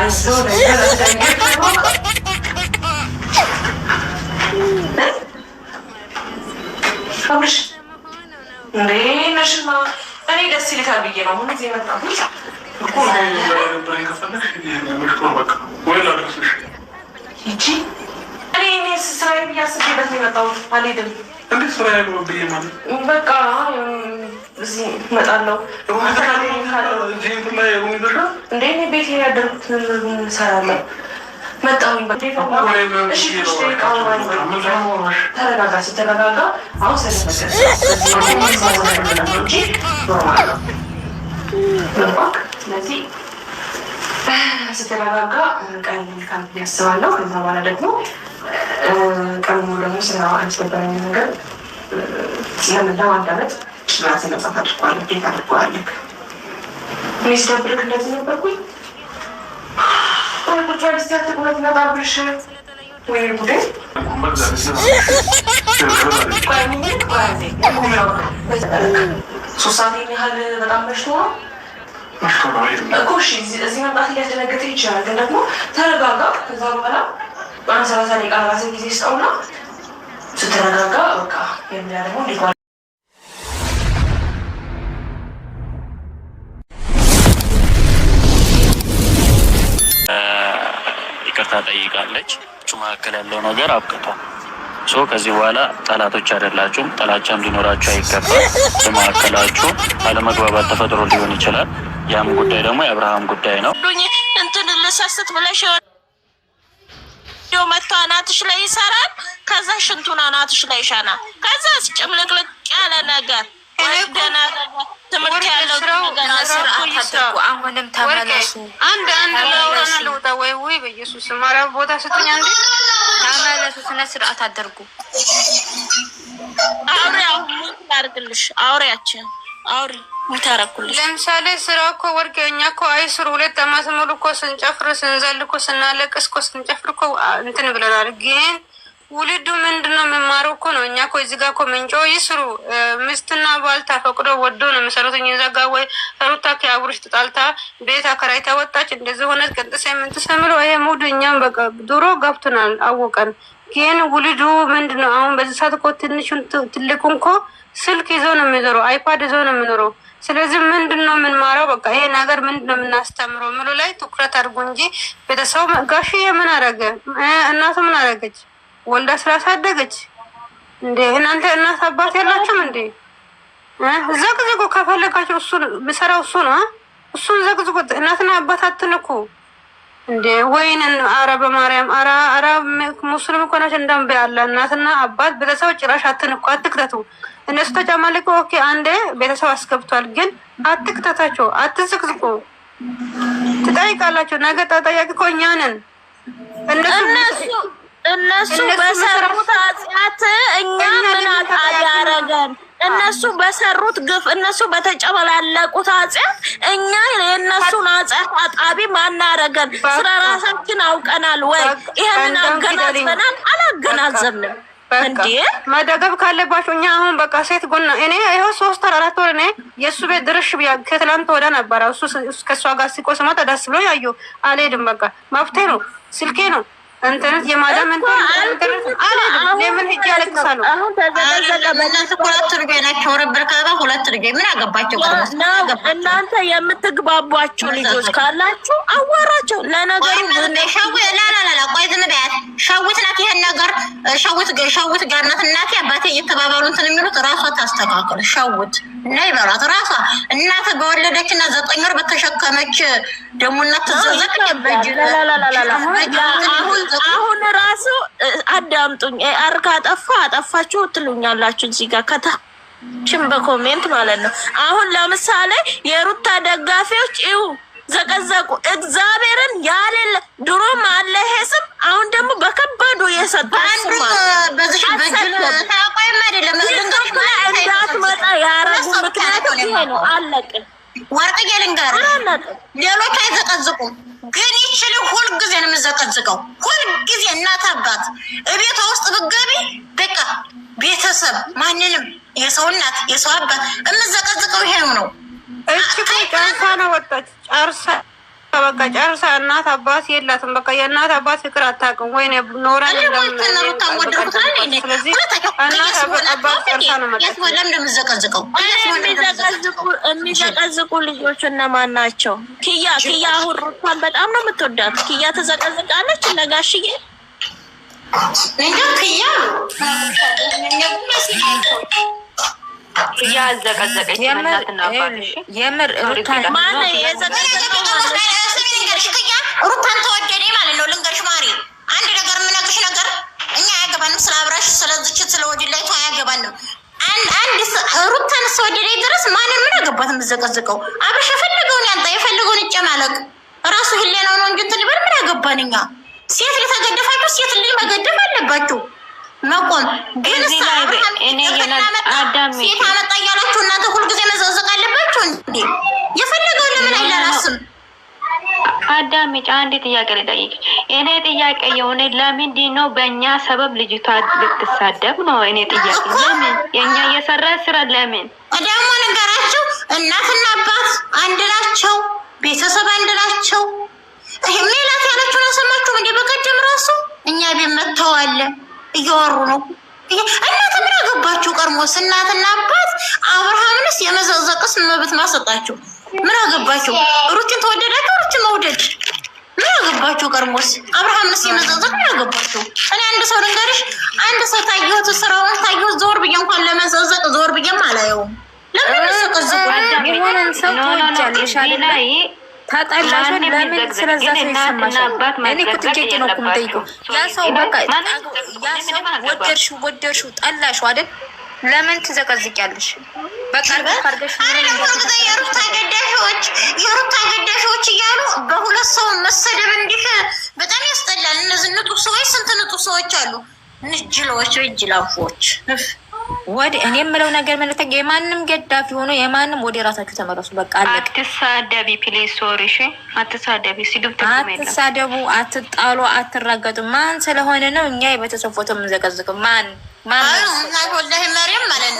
እኔ ደስ ይልካል ብዬ ነው አሁን እዚህ የመጣሁት። እኔ ስራዬ ብዬ አስቤበት የመጣሁት። አልሄድም። እንዴት ስራዬ ነው ብዬ ማለት በቃ እዚህ እመጣለሁ። እንደ እኔ ቤት ያደርጉትን እሰራለሁ። መጣሁኝ። ተረጋጋ። ስትረጋጋ አሁን ስለዚህ ስትረጋጋ ቀን መልካም ያስባለሁ። ከዛ በኋላ ደግሞ ቀድሞ ደግሞ ስራ ያስገበረኝ ነገር ለምን ለማዳመጥ ራሴ መጻፍ አድርጓለሁ። ቤት አድርጓለሁ። እኔ ሲደብርክ እንደዚህ ነበርኩኝ ሶስት ሰዓት ያህል በጣም መሽቶ ነው እኮ እሺ፣ እዚህ መምጣት ሊያስደነግጥ ይችላል፣ ግን ደግሞ ተረጋጋ። ከዛ በኋላ በአንድ ሰላሳ ደቂቃ ራስን ጊዜ ስጠውና ስትረጋጋ በቃ የሚያ ደግሞ እንዲጓል ይቅርታ ጠይቃለች። መካከል ያለው ነገር አብቅቷል። ሶ ከዚህ በኋላ ጠላቶች አይደላችሁም። ጠላቻም ሊኖራችሁ አይገባል። በመካከላችሁ አለመግባባት ተፈጥሮ ሊሆን ይችላል። ያም ጉዳይ ደግሞ የአብርሃም ጉዳይ ነው። እንትን ልሰስት ብለሽ መጥቶ አናትሽ ላይ ይሰራል። ከዛ ሽንቱን አናትሽ ላይ ይሻና። ከዛ ጭምልቅልቅ ያለ ነገር ትምህርት ያለው ገና አሁንም ተመለሱ። አንድ አንድ ለውጣ ወይ ወይ በኢየሱስ ማርያም ቦታ ስጡኝ አንዴ አመለቱ ስነ ስርዓት አደርጉ። አውሪያው አውሪያችን አውሪ ታረኩልሽ። ለምሳሌ ስራ እኮ ወርቅ እኛ እኮ አይስሩ ሁለት አመት ሙሉ እኮ ስንጨፍር ስንዘል እኮ ስናለቅስ እኮ ስንጨፍር እኮ እንትን ብለናል ግን ውልዱ ምንድን ነው የምማረው እኮ ነው። እኛ እኮ እዚህ ጋር እኮ ምንጮ ይስሩ ምስትና ባል ተፈቅዶ ወዶ ነው የሚሰሩትኝ። እዛ ጋ ወይ ሩታ ከአብሮች ተጣልታ ቤት አከራይ ተወጣች፣ እንደዚህ ሆነ። ቅንጥሳ የምንትሰምሎ ይሄ ሙድ እኛም በቃ ድሮ ገብቶናል፣ አወቀን። ግን ውልዱ ምንድን ነው አሁን በዚህ ሰዓት እኮ ትንሹን ትልቁን እኮ ስልክ ይዞ ነው የሚኖረው፣ አይፓድ ይዞ ነው የሚኖረው። ስለዚህ ምንድን ነው የምንማረው? በቃ ይሄ ነገር ምንድን ነው የምናስተምረው ምሉ ላይ ትኩረት አድርጉ እንጂ ቤተሰቡ ጋሽ የምን አረገ? እናቱ ምን አረገች? ወልዳ ስላሳደገች እንዴ እናንተ እናት አባት ያላችሁም እንዴ? ዘቅዝቁ ከፈለጋችሁ እሱን ምሰራው እሱ ነው። እሱን ዘቅዝቁ። እናትና አባት አትንኩ እንዴ ወይንን አረ በማርያም አረ አረ ሙስሊም ኮናች ናቸው እንደም ያለ እናትና አባት ቤተሰብ ጭራሽ አትንኩ፣ አትክተቱ። እነሱ ተጫማለቀ ኦኬ፣ አንዴ ቤተሰብ አስገብቷል፣ ግን አትክተታቸው፣ አትዝቅዝቁ። ትጠይቃላቸው ነገ ጠያቂ እኮ እኛ ነን እነሱ እነሱ በሰሩት ኃጢአት እኛ ምን ያደረገን? እነሱ በሰሩት ግፍ፣ እነሱ በተጨበላለቁት ኃጢአት እኛ የእነሱን ኃጢአት አጣቢ ማናረገን? ስለ ራሳችን አውቀናል ወይ? ይሄንን አገናዝበናል? አላገናዘብንም። እንዴ መደገብ ካለባቸው እኛ አሁን በቃ ሴት ጎና እኔ ይኸው ሶስት አራት ወር እኔ የእሱ ቤት ድርሽ ብያ ከትላንት ወደ ነበረ እሱ ከእሷ ጋር ሲቆስማ ተዳስ ብሎ ያዩ አልሄድም በቃ መብቴ ነው ስልኬ ነው እንትነት የማዳም ለምን ሂጅ እናንተ የምትግባቧቸው ልጆች ካላችሁ አዋራቸው። ለነገሩ ሸዊት ናት ይሄን ነገር ሸዊት ጋር ናት እናቴ አባቴ እየተባባሉ እንትን የሚሉት ራሷ ታስተካክል። ሸዊት እና ይበሏት ራሷ እናት በወለደች እና ዘጠኝ ወር በተሸከመች ደግሞ እናት ትዘዘቅ በጅ አሁን ራሱ አዳምጡኝ። አርካ አጠፋ አጠፋችሁ ትሉኛላችሁ እዚህ ጋር ከታ ችን በኮሜንት ማለት ነው። አሁን ለምሳሌ የሩታ ደጋፊዎች ይው ዘቀዘቁ እግዚአብሔርን ያለለ ድሮም አለ ይሄ ስም አሁን ደግሞ በከባዱ የሰጠስማ እንዳትመጣ ያረጉ ምክንያት ነው። አለቅን ወርቅዬ የልንገር ሌሎች አይዘቀዝቁም፣ ግን ይችል ሁልጊዜ ነው የምዘቀዝቀው። ሁልጊዜ እናት አባት እቤቷ ውስጥ ብገቢ በቃ ቤተሰብ ማንንም የሰው እናት የሰው አባት የምዘቀዝቀው ይሄ ነው ነው ጨርሳ ነው ወጣች ጨርሳ በቃ ጨርሳ እናት አባት የላትም። በቃ የእናት አባት ፍቅር አታውቅም። ወይ ኖረን የሚዘቀዝቁ ልጆች እነማን ናቸው? ክያ ክያ አሁን ሩታን በጣም ነው የምትወዳት። ክያ ተዘቀዝቃለች። እነጋሽዬ ክያ እያዘቀዘቀች የምር ሩታን ተወደደ ማለት ነው። ልንገርሽ ማሪ አንድ ነገር የምነግርሽ ነገር እኛ አያገባንም፣ ስለ አብራሽ ስለዝች ስለ ወድላይቱ አያገባንም። አንድ ሩታን እስከወደደ ድረስ ማንም ምን አገባት የምዘቀዝቀው? አብራሽ የፈለገውን ያንጣ፣ የፈለገውን ይጨማለቅ። ራሱ ህሌናው ነው እንጂ እንትን ይበል ምን አገባን እኛ። ሴት ልተገደፋችሁ ሴት ልጅ መገደፍ አለባችሁ። መቆም ግን ሴት አመጣ እያላችሁ እናንተ ሁልጊዜ መዘዘቅ አለባችሁ እንዴ? የፈለገው ለምን አንድ ጥያቄ ልጠይቅ። እኔ ጥያቄ የሆነ ለምንድን ነው በእኛ ሰበብ ልጅቷ ልትሳደብ ነው? እኔ ጥያቄ ለምን የእኛ እየሰራ ስራ ለምን ደግሞ ነገራቸው? እናትና አባት አንድ ናቸው፣ ቤተሰብ አንድ ናቸው። ይሄ ሌላት ያለችውን እንዴ? በቀደም ራሱ እኛ ቤት መጥተዋለን እያወሩ ነው። እናንተ ምን አገባችሁ? ቀርሞስ እናትና አባት አብርሃምንስ የመዘዘቅስ መብት ማሰጣችሁ ምን አገባችሁ? ሩችን ተወደዳችሁ፣ ሩችን መውደድ ምን አገባችሁ? ቀርሞስ አብርሃምንስ የመዘዘቅ ምን አገባችሁ? እኔ አንድ ሰው ልንገርሽ፣ አንድ ሰው ታየሁት፣ ስራውን ታየሁት፣ ዞር ብዬ እንኳን ለመዘዘቅ ዞር ብዬም አላየውም። ለምን ሰቀዝጓል? ሰው ተወጃለሻ ታጣላሽን ለምን ስለዛ ሰው ይሰማሻል? እኔ እኮ ጥያቄ ነው እኮ የምጠይቀው። ያ ሰው በቃ ያ ሰው ወደድሽው ወደድሽው ጠላሽው አይደል? ለምን ትዘቀዝቂያለሽ? በቃ የሩታ ገዳሾች የሩታ ገዳሾች እያሉ በሁለት ሰው መሰደብ እንዲህ በጣም ያስጠላል። እነዚህ ንጡ ሰዎች ስንት ንጡ ሰዎች አሉ። ወይ ጅላፎች ወደ እኔ የምለው ነገር መለተ የማንም ገዳፊ ሆኖ የማንም ወደ ራሳችሁ ተመረሱ። በቃ አትሳደቢ፣ ፕሌስ ሶሪ፣ እሺ፣ አትሳደቢ። ሲዱብ አትሳደቡ፣ አትጣሉ፣ አትራገጡ። ማን ስለሆነ ነው እኛ የቤተሰብ ፎቶ የምንዘቀዝቅ? ማን ማን ወላሂ መሪም ማለት ነው።